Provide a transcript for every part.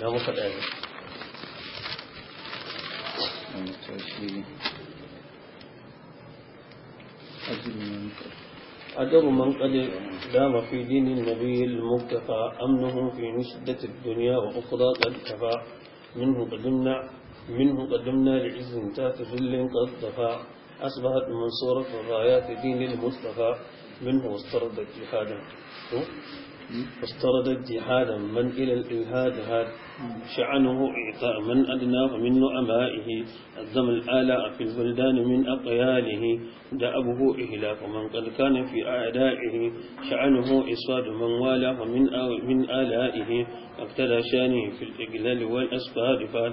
لو أدر من قد دام في دين النبي المكتفى أمنه في نشدة الدنيا وأخرى قد كفى منه قدمنا منه قدمنا لعز ذات ذل قد ضفى أصبحت منصورة رايات دين المصطفى منه واسترد جهادا واستردت جهادا من إلى الإلهاد هاد شعنه إعطاء من أدناه من نعمائه الزم الآلاء في البلدان من أقياله دأبه إهلاك من قد كان في أعدائه شأنه إصاد من والاه من من آلائه اقتدى شانه في الإجلال والأسفاد فاد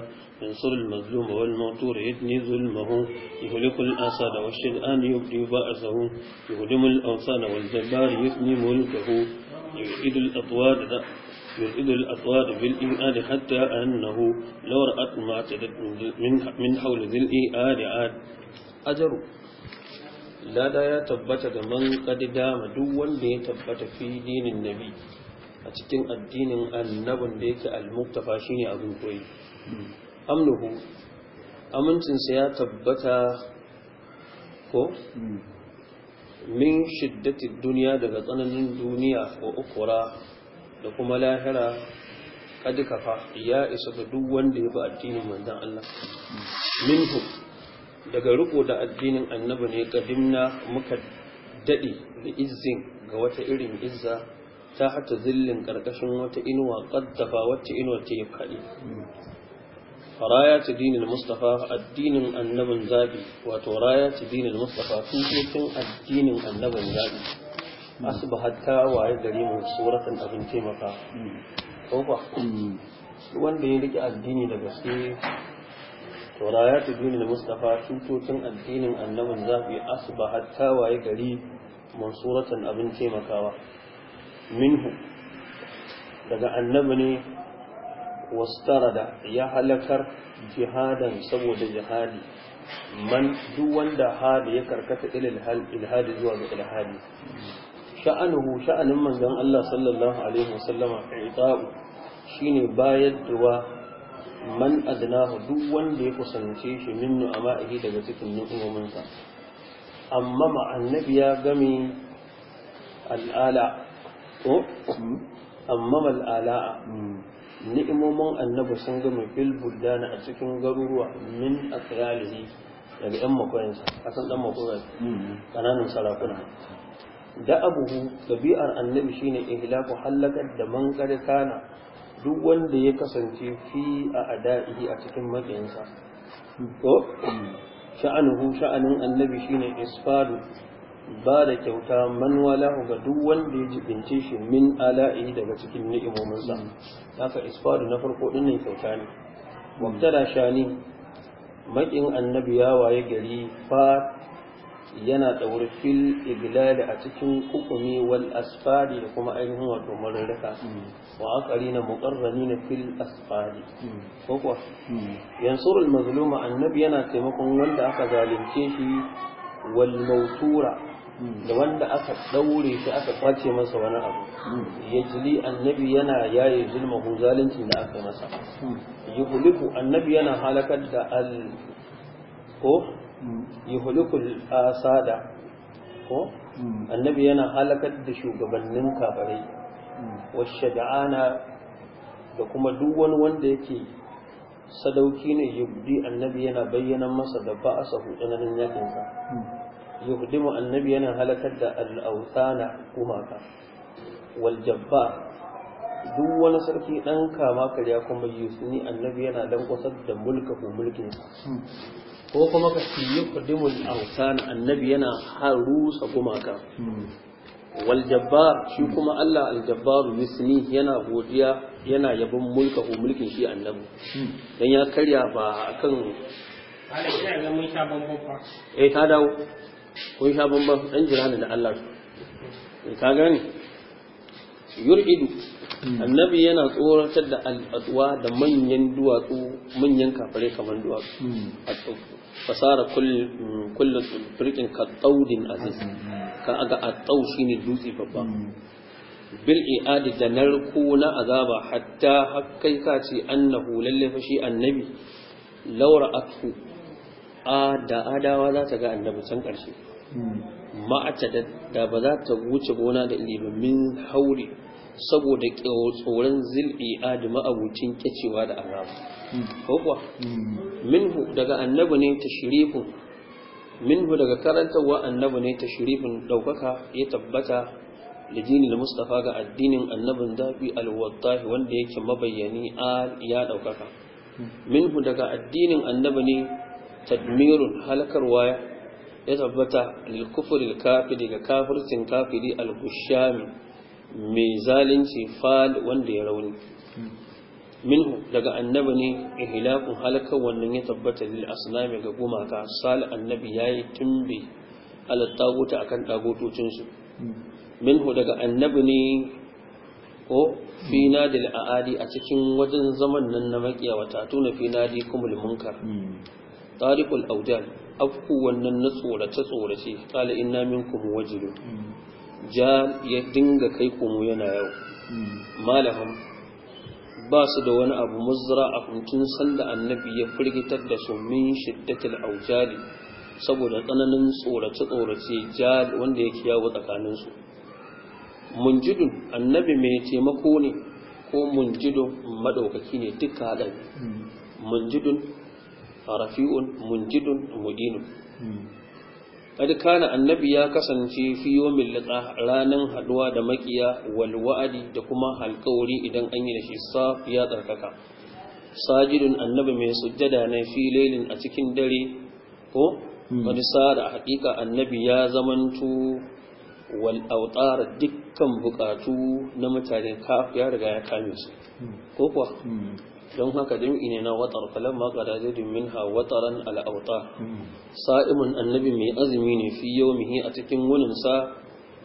المظلوم والمغتور يدني ظلمه يهلك الأصال والشدآن يبدي بأسه يهدم الأوصال والجبار يثني ملكه يعيد الأطوار يرئد الأطوار بالإيمان حتى أنه لو رأت ما اعتدت من حول ذي الإيمان عاد أجروا lada ya tabbata da man kadi dama duk wanda ya tabbata fi dinin nabi a cikin addinin annabin da yake al-muktafa shine abin koyi amnuhu amincinsa ya tabbata ko min shiddati duniya daga tsananin duniya wa ukura da kuma lahira kafa ya isa ga duk wanda ya bi addinin manzon Allah minhu daga riko da addinin annabi ne kadimna muka dade da izzin ga wata irin izza ta hata zillin ƙarƙashin wata inuwa ƙaddafa wacce inuwa ta yi faɗi raya ta dinin mustafa addinin annabin zabi wato raya ta dinin mustafa tutocin addinin annabin zabi asbahat ta waye gare mu suratan abin taimaka mm. ko ba mm. wanda ya rike addini da gaske turayatu dinin mustafa tutocin addinin annabin zafi asuba hatta waye gari mansuratan abin taimakawa minhu daga annabi ne wastarada ya halakar jihadan saboda jihadi man duk wanda hali ya karkata ilil ilhadi zuwa ga ilhadi sha'anuhu sha'anin manzon Allah sallallahu alaihi wasallama i'ta'u shine bayarwa man adnahu duk wanda ya kusance shi min nu'ama'ihi daga cikin nu'umominsa amma annabi ya gami al'ala ko amma al'ala'a ni'imomin annabi sun gami fil buldana a cikin garuruwa min akralihi daga yan makoyansa san dan makoyan kananan sarakuna da abubu ɗabi'ar annabi shine ihlaku halakat da man kana duk wanda ya kasance fi a ada'ihi a cikin maƙiyinsa to sha'anuhu sha'anin annabi shine isfadu ba da kyauta man walahu ga duk wanda ya jibince shi min ala'i daga cikin ni'imominsa haka isfadu na farko din ne kyauta ne Wabtala shani makin annabi ya waye gari fa yana ɗaure fil iglali a cikin kukumi wal da kuma ainihin wato mararraka wa akari na na fil asfari ko kuwa yansurul mazluma annabi yana taimakon wanda aka zalunce shi wal mautura da wanda aka ɗaure shi aka kwace masa wani abu ya jili annabi yana yaye zulmahu zaluncin da aka masa yuhuliku annabi yana halakar da al ko yuhulukul asada ko hmm. annabi yana halakar da shugabannin kafirai hmm. washada'ana da kuma duk wani wanda yake sadauki ne yubdi annabi yana bayyana masa da ba a sahu tsananin yakinsa hmm. mu annabi yana halakar da al'autana gumaka wal jabba duk wani sarki dan kama karya kuma yusuni annabi yana lankwasar da mulkin mulkinsa ko kuma ka fi yi kudimun ausan annabi yana sa gumaka wal jabbar shi kuma Allah al jabbar yusni yana godiya yana yabon mulka ko mulkin shi annabi dan ya karya ba akan eh ta dawo kun sha bamban dan ni da Allah ka gani yuridu annabi yana tsoratar da al'adwa da manyan duwatsu manyan kafare kamar duwatsu hmm. a fasara kullu firqin ka tsaudin aziz ka aga a tsau shine dutse babba bil i'adi da narko na azaba hatta hakkai ka ce annahu lalle fa shi annabi laura athu a da adawa za ta ga annabi can karshe ma'ata da ba za ta wuce gona da ilimin hauri saboda tsoron zilbi adama abucin kyacewa da azab ko minhu daga annabi ne tashrifun minhu daga karantarwa annabi ne daukaka ya tabbata da da mustafa ga addinin annabin zafi alwattahi wanda yake mabayyani al ya daukaka minhu daga addinin annabi ne tadmirun halakarwa ya tabbata lil kufri kafiri ga kafircin kafiri al mai zalunci fal wanda ya rauni hmm. minhu daga annabi ne ihlakun halakar wannan ya tabbata lil asnami ga gumaka sal annabi yayi tumbi ala taguta akan dagotocinsu su hmm. minhu daga annabi ne ko fi hmm. nadil aadi a cikin wajen zaman nan na makiya wata tuna fi nadi kumul munkar tariqul awdan afku wannan na tsorace tsorace qala inna minkum wajilun ya dinga kai komo yana yau malahum ba su da wani abu muzra a kuntun sanda annabi ya firgitar da su min shiddatil aujali saboda tsananin tsorace-tsorace wanda yake yawo tsakaninsu munjidun annabi mai taimako ne ko munjidun maɗaukaki ne duka haɗari hmm. munjidun rafi'un munjidun mudinun hmm. قد كان النبي يا كسنتي في يوم اللقاء ranan haduwa da makiya wal wa'adi da kuma alƙawari idan an yi da shi saf ya tsarkaka sajidun annabi mai sujjada ne fi lailin a cikin dare ko wani sara hakika annabi ya zamantu wal autar dukkan bukatu na mutane kaf ya riga ya kame su ko kuwa don haka jam'i ne na watar falan ma kada zai minha wataran al'auta hmm. sa'imun annabi mai azumi ne fi yawmihi a cikin sa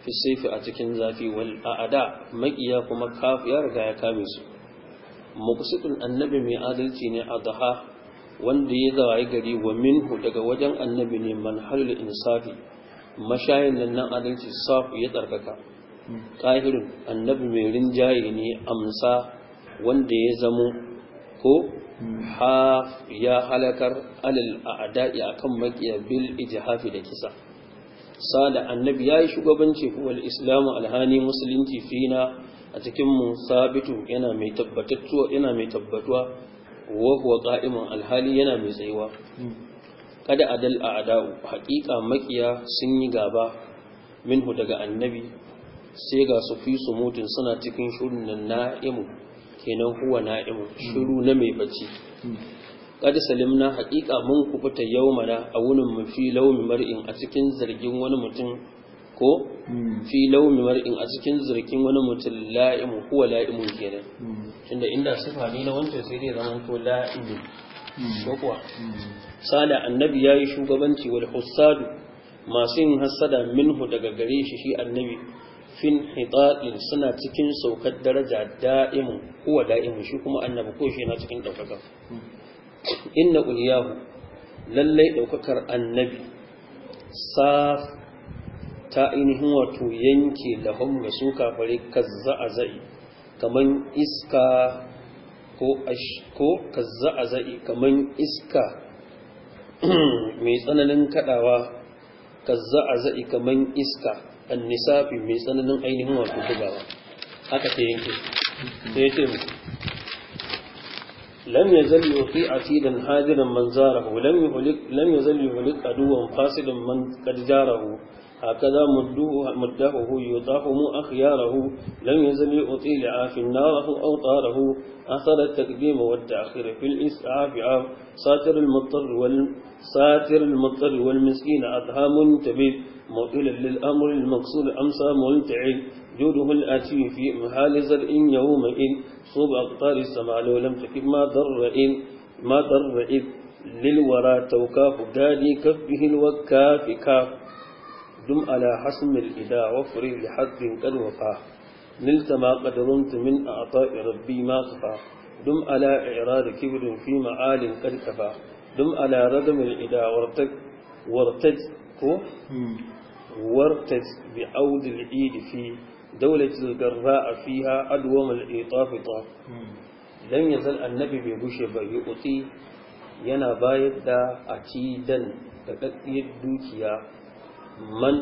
fi saifi a cikin zafi wal a'ada makiya kuma kaf ya riga ya kame su muqsitun annabi mai adalci ne a daha wanda ya zawaye gari wa minhu daga wajen annabi ne manhalul insafi mashayin nan nan adalci safu ya tsarkaka hmm. Kahirin annabi mai rinjaye ne amsa wanda ya zamo ko ha ya halakar alal a'da'i akan makiya bil ijhafi da kisa sada annabi yayi shugabanci wal islamu alhani musulunci fina a cikin mu sabitu yana mai tabbatuwa yana mai tabbatuwa wa huwa qa'imun alhali yana mai tsayuwa kada adal a'da'u haqiqa makiya sun yi gaba minhu daga annabi sai ga su fi su mutun suna cikin shurun na'imu kenan huwa na'im shiru na mai bacci Salim na haƙiƙa mun kubuta mana a wunin mu fi laumi mar'in a cikin zargin wani mutum ko fi laumi mar'in a cikin zargin wani mutum la'im huwa la’imu kenan tunda inda sifa ne na wancan sai dai zaman ko la’imu ko kuwa sada annabi yi shugabanci wal hussadu masu yin hassada minhu daga gare shi shi annabi fin hidaɗin suna cikin saukar daraja da'imin kuwa da'imin shi kuma annabi ko shi yana cikin ɗaukaka inna uliyahu lallai ɗaukakar annabi sa ta ainihin wato yanke lahon ga su kafare kazza a za'i kamar iska ko kazza a za'i kamar iska mai tsananin kaɗawa kazza a za'i kamar iska النساء في tsananin ainihin wato bugawa haka ta yanke sai لم يزل يطيع عتيدا حاذرا من زاره ولم يهلك لم يزل يهلك عدوا فاسدا من قد جاره هكذا مده مده يطاهم أخياره لم يزل يؤطي لعاف ناره أو طاره أثر التقديم والتأخير في الإسعاف ساتر المضطر ساتر المضطر والمسكين أطعام تبيد موئلا للأمر المقصود أمسى ملتعب جوده الآتي في محال زرع يومئذ صوب أقطار السماء لو لم تكن ما ضر ما ضر إذ للورى توكاف دادي كفه الوكاف كاف دم على حسم الإله وفري لحد قد وفاه نلت ما قد رمت من أعطاء ربي ما خفاه دم على إعراض كبر في معال قد كفاه dum ala radamil ida wartaj ko wartaj bi audil idi fi ha garra fiha adwamul itafita dan yazal annabi bai gushe ba yuqti yana bayar da acidan da dakkiyar dukiya man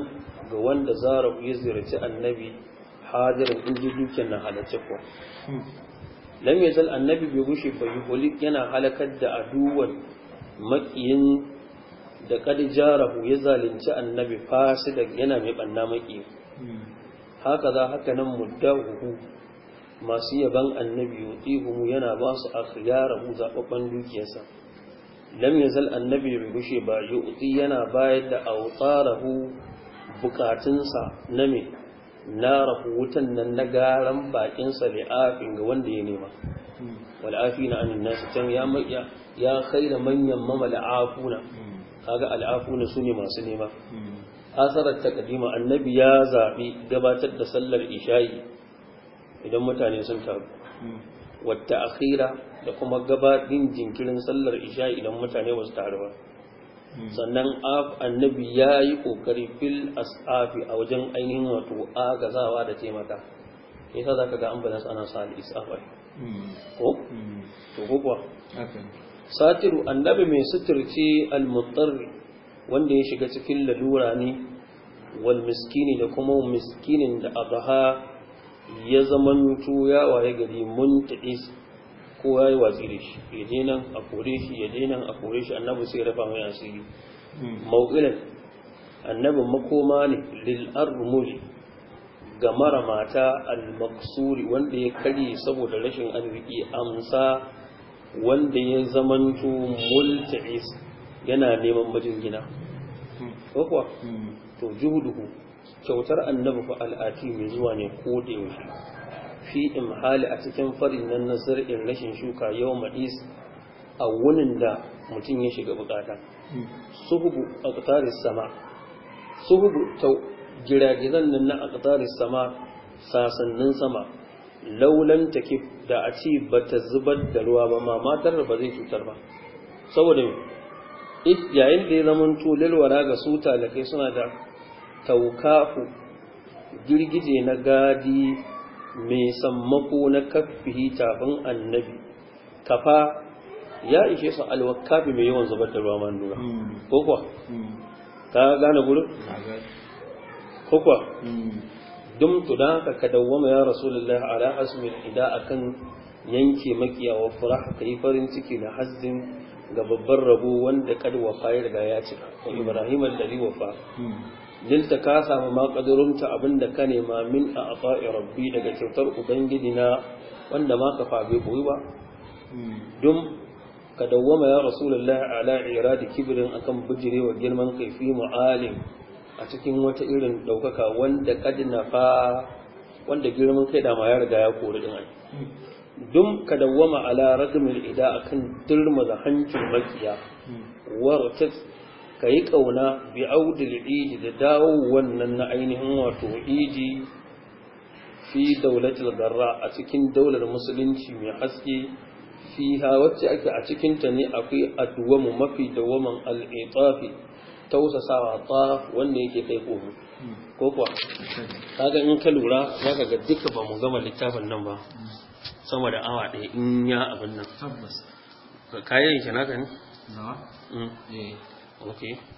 ga wanda zara ya ziyarci annabi hadirin inji ji dukiyar na halarci ko lam yazal annabi bai gushe bai yuqli yana halakar da aduwan maƙiyin da jarahu ya zalunci annabi fasida yana mai banna maƙi haka za haka nan muddahu masu yaban annabi yutsihu yana ba su a khiyarahu zaɓaɓɓen dukiyarsa lam yazal annabi bai gushe ba yutsi yana bayar da autarahu bukatunsa na me na wutan nan na garan bakinsa da afin ga wanda ya nema wal'afi na amin nasu can ya maƙiya ya khaira manyan mamala afuna kaga al'afuna ne masu nema hmm. asarar kadima annabi ya zabi gabatar da sallar isha'i idan mutane sun taru hmm. wata akhira da kuma gabaɗin jinkirin sallar isha idan mutane wasu taru ba hmm. sannan annabi ya yi ƙoƙari fil as'afi a wajen ainihin wato agazawa da taimaka yasa za ka ga ambulance ana sa al'isafai ko? to kuwa? satiru annabi mai suturci almuttarri wanda ya shiga cikin lalura ne wal miskini da kuma miskinin da abaha ya zamanto ya waye gari mun taɗis ko ya yi watsi da shi ya je nan a kore shi ya je nan a kore shi annabi sai rafa mai asiri mawqilan annabi makoma ne lil armuli ga mara mata al-maksuri wanda ya karye saboda rashin arziki amsa wanda ya zamanto multa'is yana neman majingina gina. kuwa to juhuduhu kyautar annabi fa al'ati mai zuwa ne ko da yaushe fi imhali a cikin farin nan na zar'in rashin shuka yau ma'is a wunin da mutum ya shiga bukata suhubu a sama suhubu ta giragizan nan na a sama sasannin sama laulan take da a ce ba ta zubar da ruwa ba ma matar ba zai cutar ba saboda yayin da ya zaman lilwara ga su kai suna da taukafu girgije na gadi mai sammako na kafihi tafin annabi kafa ya ishe su alwakafi mai yawan zubar da ruwa ma nuna hmm. ko kuwa hmm. ka gane gurin ko kuwa hmm. dum da haka ka dawwama ya rasulullah ala asmin ida akan yanke makiya wa furah kai farin ciki da hazzin ga babban rabo wanda kad wafa ya riga ya cika wa hmm. ibrahim alladhi wafa hmm. dilta ka samu ma abinda ka nema min a afa'i rabbi daga kyautar ubangiji wanda ma ka fa bai ba hmm. dum ka dawwama ya rasulullahi ala iradi kibrin akan bijirewa girman kaifi mu'alim a cikin wata irin ɗaukaka wanda kadina fa wanda girman kai da ya riga ya kori din ai dum ka dawwama ala ragmil ida akan dirmaza hancin makiya wa ka yi kauna bi audil idi da dawo wannan na ainihin wato idi fi daulatul garra a cikin daular musulunci mai haske fiha wacce ake a cikin ta ne akwai addu'a mafi dawaman al-itafi tausasawa tsaf wanda yake kai kogo ko kuwa kaga in ka lura zaka ga duka ba mu gama littafin nan ba sama da awa ɗaya in ya abin nan kayan yake naka ne mm. eh. ok